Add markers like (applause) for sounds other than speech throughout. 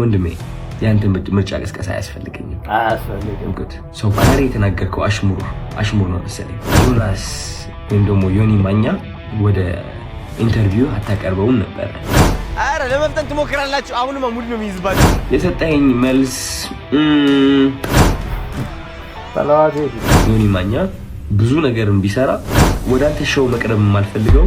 ወንድሜ የአንተ ምርጫ ቀስቀሳ አያስፈልገኝም። ሰው ዛሬ የተናገርከው አሽሙር አሽሙር ነው መሰለኝ። ዮናስ ወይም ደግሞ ዮኒ ማኛ ወደ ኢንተርቪው አታቀርበውም ነበረ። አረ ለመፍጠን ትሞክራላችሁ። አሁንማ ሙድ ነው የሚይዝባችሁ። የሰጠኝ መልስ ዮኒ ማኛ ብዙ ነገርን ቢሰራ ወደ አንተ ሸው መቅረብ የማልፈልገው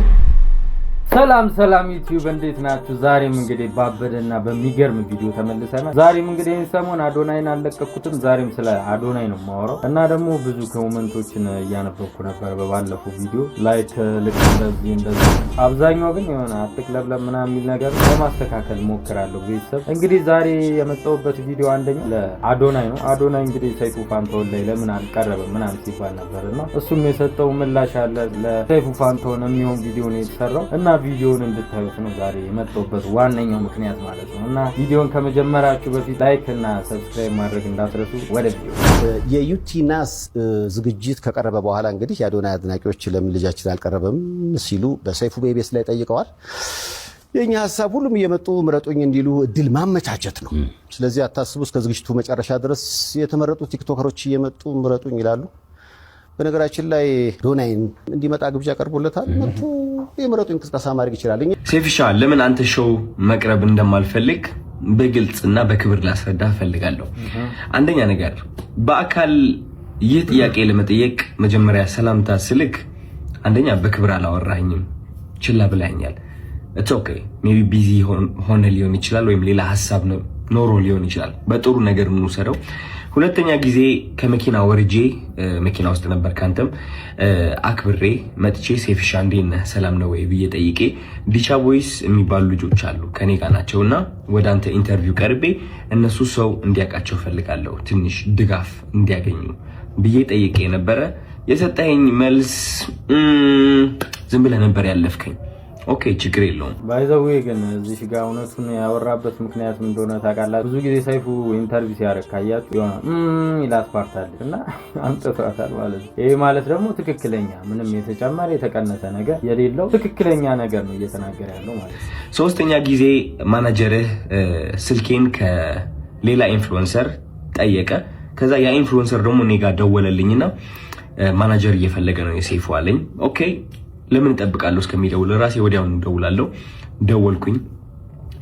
ሰላም ሰላም ዩቲዩብ እንዴት ናችሁ? ዛሬም እንግዲህ ባበደና በሚገርም ቪዲዮ ተመልሰናል። ዛሬም እንግዲህ ይህን ሰሞን አዶናይን አልለቀኩትም። ዛሬም ስለ አዶናይ ነው የማወራው እና ደግሞ ብዙ ኮመንቶችን እያነበብኩ ነበር በባለፈው ቪዲዮ ላይክ ልክ እንደዚህ እንደዚህ፣ አብዛኛው ግን የሆነ አትቅለብለብ ምናምን የሚል ነገር ለማስተካከል ሞክራለሁ። ቤተሰብ እንግዲህ ዛሬ የመጣሁበት ቪዲዮ አንደኛው ለአዶናይ ነው። አዶናይ እንግዲህ ሰይፉ ፋንታሁን ላይ ለምን አልቀረበም ምናምን ሲባል ነበር እና እሱም የሰጠው ምላሽ አለ። ለሰይፉ ፋንታሁን የሚሆን ቪዲዮ ነው የተሰራው እና ቪዲዮውን እንድታዩት ነው ዛሬ የመጣሁበት ዋነኛው ምክንያት ማለት ነው። እና ቪዲዮውን ከመጀመራችሁ በፊት ላይክ እና ሰብስክራይብ ማድረግ እንዳትረሱ። ወደ ቪዲዮ ናስ ዝግጅት ከቀረበ በኋላ እንግዲህ የአዶናይ አድናቂዎች ለምን ልጃችን አልቀረበም ሲሉ በሰይፉ ቤቤስ ላይ ጠይቀዋል። የኛ ሀሳብ ሁሉም እየመጡ ምረጡኝ እንዲሉ እድል ማመቻቸት ነው። ስለዚህ አታስቡ። እስከ ዝግጅቱ መጨረሻ ድረስ የተመረጡ ቲክቶከሮች እየመጡ ምረጡኝ ይላሉ። በነገራችን ላይ ዶናይን እንዲመጣ ግብዣ ቀርቦለታል። መጡ የምረጡ እንቅስቃሴ ማድረግ ይችላል። ሴፊሻ ለምን አንተ ሾው መቅረብ እንደማልፈልግ በግልጽና በክብር ላስረዳ እፈልጋለሁ። አንደኛ ነገር በአካል ይህ ጥያቄ ለመጠየቅ መጀመሪያ ሰላምታ ስልክ፣ አንደኛ በክብር አላወራኝም፣ ችላ ብላኛል። ኦኬ ሜቢ ቢዚ ሆነ ሊሆን ይችላል፣ ወይም ሌላ ሀሳብ ኖሮ ሊሆን ይችላል። በጥሩ ነገር የምንውሰደው ሁለተኛ ጊዜ ከመኪና ወርጄ መኪና ውስጥ ነበር ካንተም አክብሬ መጥቼ ሴፍሻ እንዴነ ሰላም ነው ወይ ብዬ ጠይቄ ዲቻ ቦይስ የሚባሉ ልጆች አሉ ከኔ ጋር ናቸው እና ወደ አንተ ኢንተርቪው ቀርቤ እነሱ ሰው እንዲያውቃቸው ፈልጋለሁ ትንሽ ድጋፍ እንዲያገኙ ብዬ ጠይቄ ነበረ። የሰጠኸኝ መልስ ዝም ብለህ ነበር ያለፍከኝ። ኦኬ ችግር የለውም። ባይዘዌ ግን እዚህ ጋ እውነቱን ያወራበት ምክንያት እንደሆነ ታውቃላት። ብዙ ጊዜ ሰይፉ ኢንተርቪው ሲያደርግ ካያችሁ የሆነ ይላት ፓርት አለች እና (laughs) አምጥቷታል ማለት ነው። ይሄ ማለት ደግሞ ትክክለኛ ምንም የተጨመረ የተቀነሰ ነገር የሌለው ትክክለኛ ነገር ነው እየተናገረ ያለው ማለት ነው። ሶስተኛ ጊዜ ማናጀርህ ስልኬን ከሌላ ኢንፍሉንሰር ጠየቀ። ከዛ ያ ኢንፍሉንሰር ደግሞ እኔ ጋር ደወለልኝና ማናጀር እየፈለገ ነው የሰይፉ አለኝ። ኦኬ ለምን እጠብቃለሁ እስከሚደውል ራሴ ወዲያውኑ እደውላለሁ። ደወልኩኝ።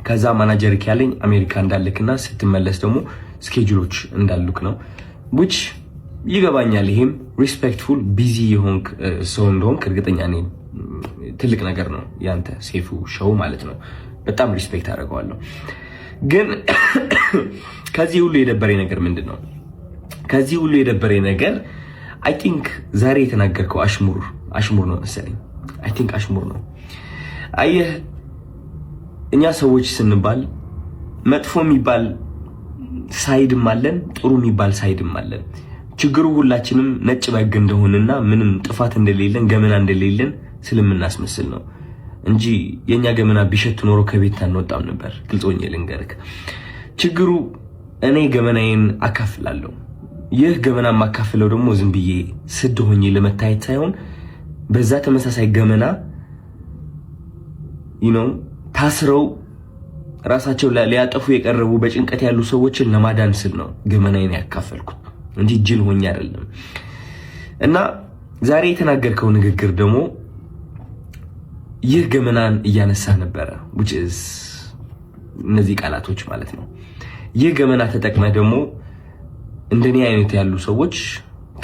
ከዛ ማናጀር ያለኝ አሜሪካ እንዳልክና ስትመለስ ደግሞ ስኬጁሎች እንዳሉክ ነው። ዊች ይገባኛል። ይሄም ሪስፔክትፉል ቢዚ የሆንክ ሰው እንደሆንክ እርግጠኛ ነኝ። ትልቅ ነገር ነው ያንተ ሴፉ ሸው ማለት ነው። በጣም ሪስፔክት አደርገዋለሁ። ግን ከዚህ ሁሉ የደበረኝ ነገር ምንድን ነው? ከዚህ ሁሉ የደበረኝ ነገር አይ ቲንክ ዛሬ የተናገርከው አሽሙር አሽሙር ነው መሰለኝ አይ ቲንክ አሽሙር ነው። አየህ እኛ ሰዎች ስንባል መጥፎ የሚባል ሳይድም አለን፣ ጥሩ የሚባል ሳይድም አለን። ችግሩ ሁላችንም ነጭ በግ እንደሆንና ምንም ጥፋት እንደሌለን ገመና እንደሌለን ስለምናስመስል ነው እንጂ የእኛ ገመና ቢሸት ኖሮ ከቤት አንወጣም ነበር። ግልጾኝ ሆኜ ችግሩ እኔ ገመናዬን አካፍላለሁ። ይህ ገመና የማካፍለው ደግሞ ዝም ብዬ ስድ ሆኜ ለመታየት ሳይሆን በዛ ተመሳሳይ ገመና ነው ታስረው ራሳቸው ሊያጠፉ የቀረቡ በጭንቀት ያሉ ሰዎችን ለማዳን ስል ነው ገመናዬን ያካፈልኩት እንጂ ጅል ሆኜ አይደለም። እና ዛሬ የተናገርከው ንግግር ደግሞ ይህ ገመናን እያነሳ ነበረ። እነዚህ ቃላቶች ማለት ነው። ይህ ገመና ተጠቅመህ ደግሞ እንደኔ አይነት ያሉ ሰዎች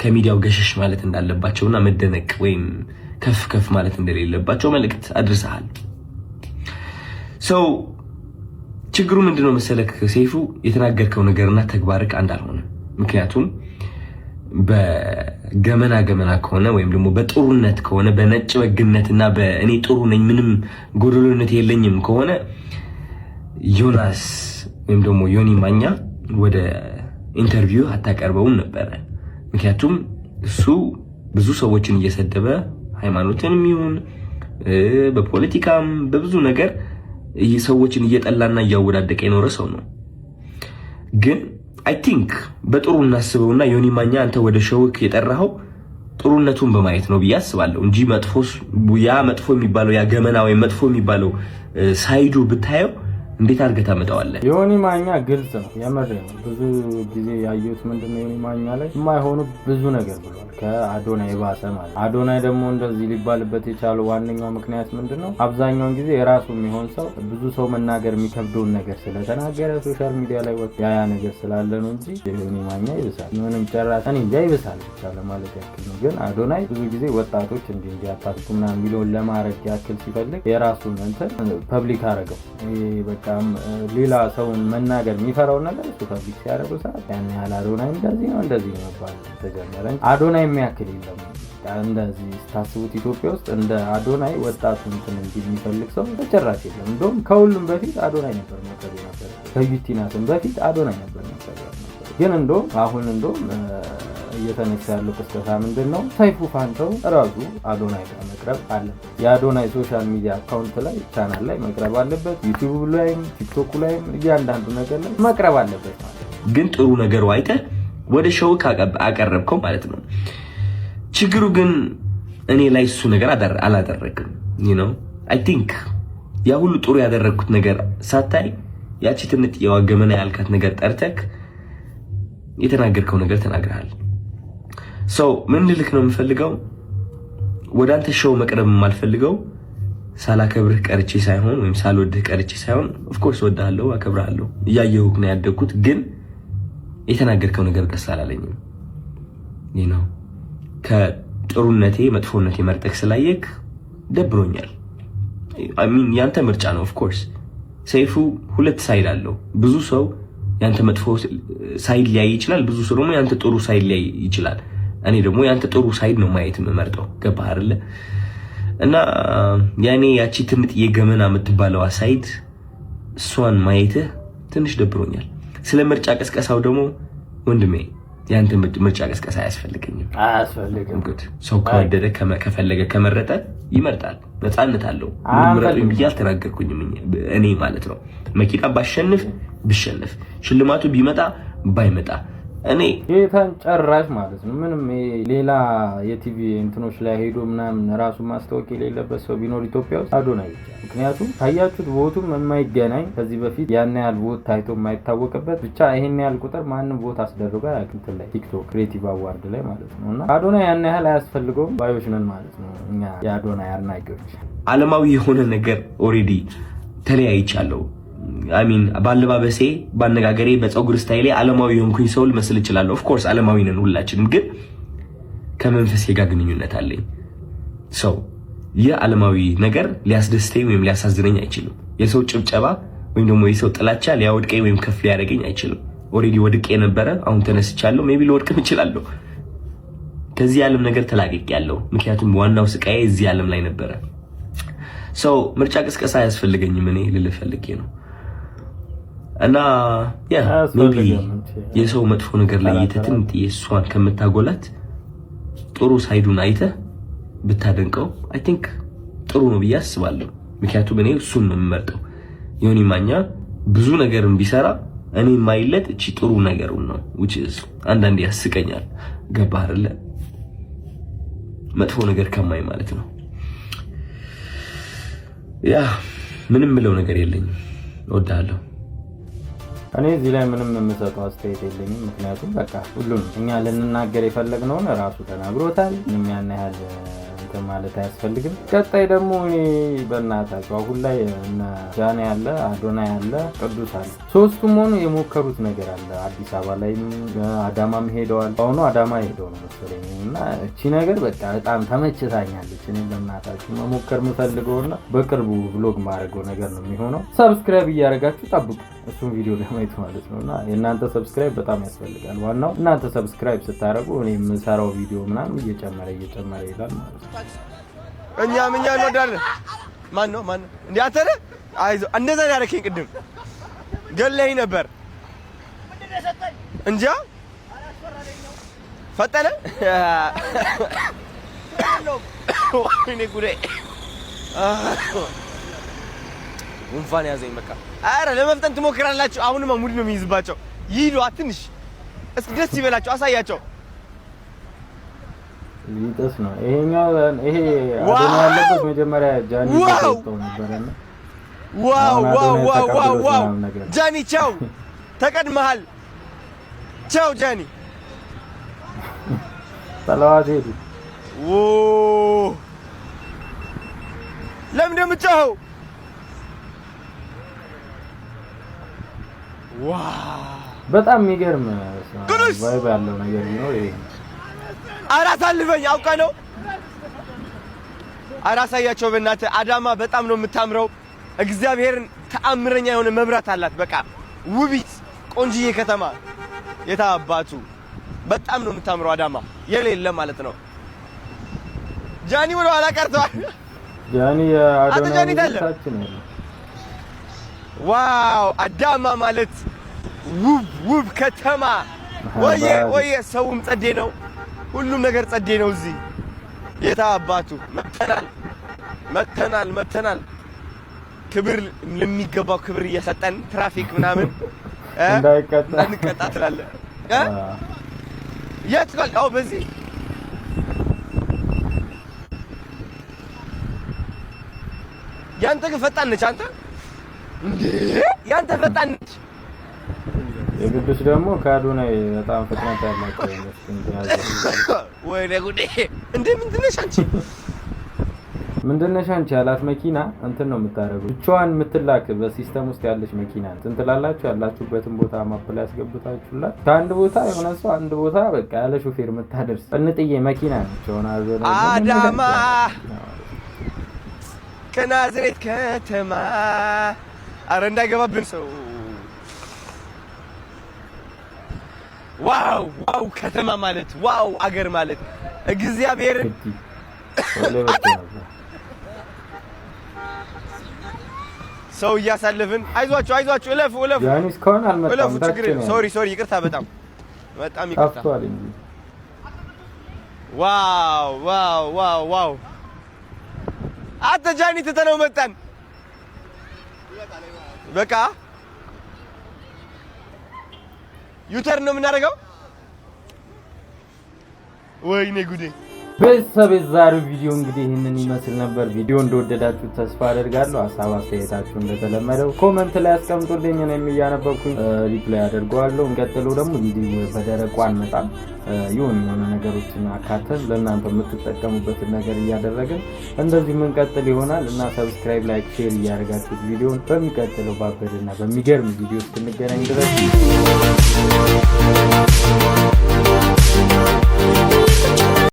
ከሚዲያው ገሸሽ ማለት እንዳለባቸውና መደነቅ ወይም ከፍ ከፍ ማለት እንደሌለባቸው መልእክት አድርሰሃል። ሰው ችግሩ ምንድነው መሰለክ ሰይፉ፣ የተናገርከው ነገርና ተግባርክ አንድ አልሆነ። ምክንያቱም በገመና ገመና ከሆነ ወይም ደግሞ በጥሩነት ከሆነ በነጭ በግነትና በእኔ ጥሩ ነኝ ምንም ጎደሎነት የለኝም ከሆነ ዮናስ ወይም ደግሞ ዮኒ ማኛ ወደ ኢንተርቪው አታቀርበውም ነበረ። ምክንያቱም እሱ ብዙ ሰዎችን እየሰደበ ሃይማኖትንም ይሁን በፖለቲካም በብዙ ነገር ሰዎችን እየጠላና እያወዳደቀ የኖረ ሰው ነው። ግን አይ ቲንክ በጥሩ እናስበውና ዮኒ ማኛ አንተ ወደ ሸውክ የጠራኸው ጥሩነቱን በማየት ነው ብዬ አስባለሁ እንጂ መጥፎ ያ መጥፎ የሚባለው ያ ገመና ወይም መጥፎ የሚባለው ሳይዱ ብታየው እንዴት አድርገህ ታመጣዋለህ? የዮኒ ማኛ ግልጽ ነው። ነው። ብዙ ጊዜ ያየሁት ምንድን ነው የዮኒ ማኛ ላይ የማይሆኑ ብዙ ነገር ብሏል። ከአዶናይ የባሰ ማለት አዶናይ ደግሞ እንደዚህ ሊባልበት የቻለው ዋነኛው ምክንያት ምንድን ነው? አብዛኛውን ጊዜ የራሱ የሚሆን ሰው ብዙ ሰው መናገር የሚከብደውን ነገር ስለተናገረ ሶሻል ሚዲያ ላይ ወጥ ያያ ነገር ስላለ ነው እንጂ የዮኒ ማኛ ይብሳል። ምንም ጨራሽ እኔ እንጃ ይብሳል ብቻ ለማለት ያክል ነው። ግን አዶናይ ብዙ ጊዜ ወጣቶች እንዲ እንዲያታስቁ ምናምን የሚለውን ለማድረግ ያክል ሲፈልግ የራሱን እንትን ፐብሊክ አረገው በቃ ሌላ ሰውን መናገር የሚፈራውን ነገር እሱ ፐብሊክ ሲያደርጉ ሰዓት ያን ያህል አዶናይ እንደዚህ ነው እንደዚህ ነው ይባል ተጀመረ። አዶናይ የሚያክል የለም። እንደዚህ ስታስቡት ኢትዮጵያ ውስጥ እንደ አዶናይ ወጣቱ እንትን እንጂ የሚፈልግ ሰው ተጨራሽ የለም። እንደውም ከሁሉም በፊት አዶናይ ነበር መከሩ ነበር። ከዩቲናትን በፊት አዶናይ ነበር ነበር። ግን እንደውም አሁን እንደውም እየተነሳ ያለው ክስተታ ምንድን ነው? ሰይፉ ፋንታው ራሱ አዶናይ ጋር መቅረብ አለ። የአዶናይ ሶሻል ሚዲያ አካውንት ላይ ቻናል ላይ መቅረብ አለበት። ዩቲዩብ ላይም ቲክቶክ ላይም እያንዳንዱ ነገር ላይ መቅረብ አለበት ማለት ግን ጥሩ ነገሩ አይተ ወደ ሾው አቀረብከው ማለት ነው። ችግሩ ግን እኔ ላይ እሱ ነገር አላደረግም ነው። አይ ቲንክ ያ ሁሉ ጥሩ ያደረግኩት ነገር ሳታይ ያቺ ትንጥ የዋገመና ያልካት ነገር ጠርተክ የተናገርከው ነገር ተናግረሃል። ሰው ምን ልልክ ነው የምፈልገው፣ ወደ አንተ ሾው መቅረብ የማልፈልገው ሳላከብርህ ቀርቼ ሳይሆን ወይም ሳልወድህ ቀርቼ ሳይሆን፣ ኦፍኮርስ ወድሃለሁ፣ አከብርሃለሁ፣ እያየሁህ ነው ያደግኩት። ግን የተናገርከው ነገር ደስ አላለኝም። ይህ ነው ከጥሩነቴ መጥፎነቴ መርጠቅ ስላየክ ደብሮኛል። ያንተ ምርጫ ነው ኦፍኮርስ። ሰይፉ ሁለት ሳይድ አለው። ብዙ ሰው ያንተ መጥፎ ሳይድ ሊያይ ይችላል፣ ብዙ ሰው ደግሞ ያንተ ጥሩ ሳይድ ሊያይ ይችላል። እኔ ደግሞ ያንተ ጥሩ ሳይድ ነው ማየት የምመርጠው። ገባህ አይደለ? እና ያኔ ያቺ ትምጥ የገመና የምትባለው ሳይድ እሷን ማየትህ ትንሽ ደብሮኛል። ስለ ምርጫ ቀስቀሳው ደግሞ ወንድሜ ያንተ ምርጫ ቀስቀሳ አያስፈልገኝም። ሰው ከወደደ ከፈለገ ከመረጠ ይመርጣል። ነፃነት አለው። ምረጡኝ ብዬ አልተናገርኩኝም እኔ ማለት ነው። መኪና ባሸንፍ ብሸንፍ ሽልማቱ ቢመጣ ባይመጣ እኔ ጌታን ጨራሽ ማለት ነው። ምንም ሌላ የቲቪ እንትኖች ላይ ሄዶ ምናምን ራሱ ማስታወቂያ የሌለበት ሰው ቢኖር ኢትዮጵያ ውስጥ አዶና ብቻ። ምክንያቱም ታያችሁት ቦቱም የማይገናኝ ከዚህ በፊት ያን ያህል ቦት ታይቶ የማይታወቅበት ብቻ ይሄን ያህል ቁጥር ማንም ቦት አስደርጎ ያቅልት ላይ ቲክቶክ ክሬቲቭ አዋርድ ላይ ማለት ነው። እና አዶና ያን ያህል አያስፈልገውም ባዮች ነን ማለት ነው እኛ የአዶና አድናቂዎች። አለማዊ የሆነ ነገር ኦልሬዲ ተለያይቻለሁ ሚን በአለባበሴ፣ በአነጋገሬ፣ በፀጉር ስታይሌ አለማዊ የሆንኩኝ ሰው ልመስል እችላለሁ። ኦፍኮርስ አለማዊ ነን ሁላችንም፣ ግን ከመንፈሴ ጋር ግንኙነት አለኝ። ሰው ይህ አለማዊ ነገር ሊያስደስተኝ ወይም ሊያሳዝነኝ አይችልም። የሰው ጭብጨባ ወይም ደግሞ የሰው ጥላቻ ሊያወድቀኝ ወይም ከፍ ሊያደርገኝ አይችልም። ኦልሬዲ ወድቄ የነበረ አሁን ተነስቻለሁ። ሜቢ ልወድቅም እችላለሁ። ከዚህ ዓለም ነገር ያለው ምክንያቱም ዋናው ስቃዬ እዚህ ዓለም ላይ ነበረ። ሰው ምርጫ ቅስቀሳ አያስፈልገኝም። እኔ ልልፈልጌ ነው እና ያ ሜቢ የሰው መጥፎ ነገር ላይ የተትንት የእሷን ከምታጎላት ጥሩ ሳይዱን አይተ ብታደንቀው አይ ቲንክ ጥሩ ነው ብዬ አስባለሁ። ምክንያቱም እኔ እሱን ነው የምመርጠው። ዮኒ ማኛ ብዙ ነገርን ቢሰራ እኔ ማይለጥ እቺ ጥሩ ነገር ነው። which is አንዳንዴ ያስቀኛል። ገባህ አይደለ? መጥፎ ነገር ከማይ ማለት ነው። ያ ምንም ምለው ነገር የለኝም። እወድሃለሁ። እኔ እዚህ ላይ ምንም የምሰጠው አስተያየት የለኝም። ምክንያቱም በቃ ሁሉም እኛ ልንናገር የፈለግነውን ራሱ ተናግሮታል። ምንም ያን ያህል እንትን ማለት አያስፈልግም። ቀጣይ ደግሞ እኔ በእናታቸው አሁን ላይ ጃን ያለ አዶና ያለ ቅዱስ አለ ሶስቱም ሆኑ የሞከሩት ነገር አለ። አዲስ አበባ ላይም አዳማም ሄደዋል። አሁኑ አዳማ ሄደው ነው መሰለኝ እና እቺ ነገር በቃ በጣም ተመችታኛለች። እኔ በእናታችሁ መሞከር የምፈልገውና በቅርቡ ብሎግ ማድረገው ነገር ነው የሚሆነው። ሰብስክራይብ እያደረጋችሁ ጠብቁ። እሱን ቪዲዮ ለማየት ማለት ነው። እና የእናንተ ሰብስክራይብ በጣም ያስፈልጋል። ዋናው እናንተ ሰብስክራይብ ስታደርጉ እኔ የምሰራው ቪዲዮ ምናምን እየጨመረ እየጨመረ ይላል ማለት ነው። እኛም እኛ እንወዳለን። ማን ነው ማን እንዲ አተረ አይዞህ፣ እንደዛ ያደረከኝ ቅድም ገለኝ ነበር እንጃ ፈጠነ (laughs) ወይኔ ጉዳይ ጉንፋን ያዘኝ። በቃ አረ ለመፍጠን ትሞክራላችሁ። አሁንማ ሙድ ነው የሚይዝባቸው። ይሂዱ ትንሽ እስኪ ደስ ይበላቸው፣ አሳያቸው። ሊጥስ ነው ይሄኛው። ይሄ አዶና ያለበት መጀመሪያ ጃኒ ተጠጥቶ ነበር። ዋው ዋው ዋው ዋው ዋው! ጃኒ ቻው፣ ተቀድመሃል። ቻው ጃኒ ሰላዋት ሄዱ። ለምን እንደምትጫወው በጣም የሚገርም ቫይብ ያለው ነገር ነው ይሄ ኧረ አሳልፈኝ አውቀ ነው። ኧረ አሳያቸው በእናትህ። አዳማ በጣም ነው የምታምረው። እግዚአብሔርን ተአምረኛ የሆነ መብራት አላት። በቃ ውቢት ቆንጅዬ ከተማ የታባቱ በጣም ነው የምታምረው አዳማ የሌለ ማለት ነው። ጃኒ ወደ ኋላ ቀርተዋል። ጃኒ አዳማ ዋው አዳማ ማለት ውብ ውብ ከተማ ወየ ወየ፣ ሰውም ጸዴ ነው፣ ሁሉም ነገር ጸዴ ነው። እዚህ የታ አባቱ መተናል መተናል መተናል። ክብር ለሚገባው ክብር እየሰጠን ትራፊክ ምናምን እንዳንቀጣ ትላለህ። የት ቆል አው በዚህ ያንተ ግን ፈጣን ነች። አንተ እንዴ ያንተ ፈጣን ነች። የቅዱስ ደግሞ ከአዶናይ በጣም ፍጥነት ያላቸው ወይኔ ጉዴ! እንዴ ምንድነሽ አንቺ ምንድነሽ አንቺ ያላት መኪና እንትን ነው የምታደርገው። ብቻዋን የምትላክ በሲስተም ውስጥ ያለች መኪና እንትን ትላላችሁ። ያላችሁበትን ቦታ ማፕ ላይ ያስገቡታችሁላት። ከአንድ ቦታ የሆነ ሰው አንድ ቦታ በቃ ያለ ሾፌር የምታደርስ ጥንጥዬ መኪና ነች። አዳማ ከናዝሬት ከተማ አረ እንዳይገባብን ሰው ዋው ዋው ከተማ ማለት ዋው አገር ማለት እግዚአብሔር ሰው እያሳለፍን አይዟችሁ አይዟችሁ፣ እለፉ እለፉ እለፉ። ችግር ሶሪ ሶሪ፣ ይቅርታ፣ በጣም በጣም ይቅርታ። ዋው ዋው ዋው ዋው አተጃኒ ትተነው መጣን በቃ ዩተር ነው የምናደርገው። ወይኔ ጉዴ ቤተሰብ የዛሬው ቪዲዮ እንግዲህ ይህንን ይመስል ነበር። ቪዲዮ እንደወደዳችሁ ተስፋ አደርጋለሁ። ሀሳብ አስተያየታችሁ እንደተለመደው ኮመንት ላይ አስቀምጡልኝ። እኔም እያነበብኩኝ ሪፕላይ አደርገዋለሁ። እንቀጥለው ደግሞ እንዲህ በደረቁ አንመጣም። ይሁን የሆነ ነገሮችን አካተን ለእናንተ የምትጠቀሙበትን ነገር እያደረግን እንደዚህ የምንቀጥል ይሆናል እና ሰብስክራይብ፣ ላይክ፣ ሼር እያደረጋችሁት ቪዲዮን በሚቀጥለው ባበድና በሚገርም ቪዲዮ እስክንገናኝ ድረስ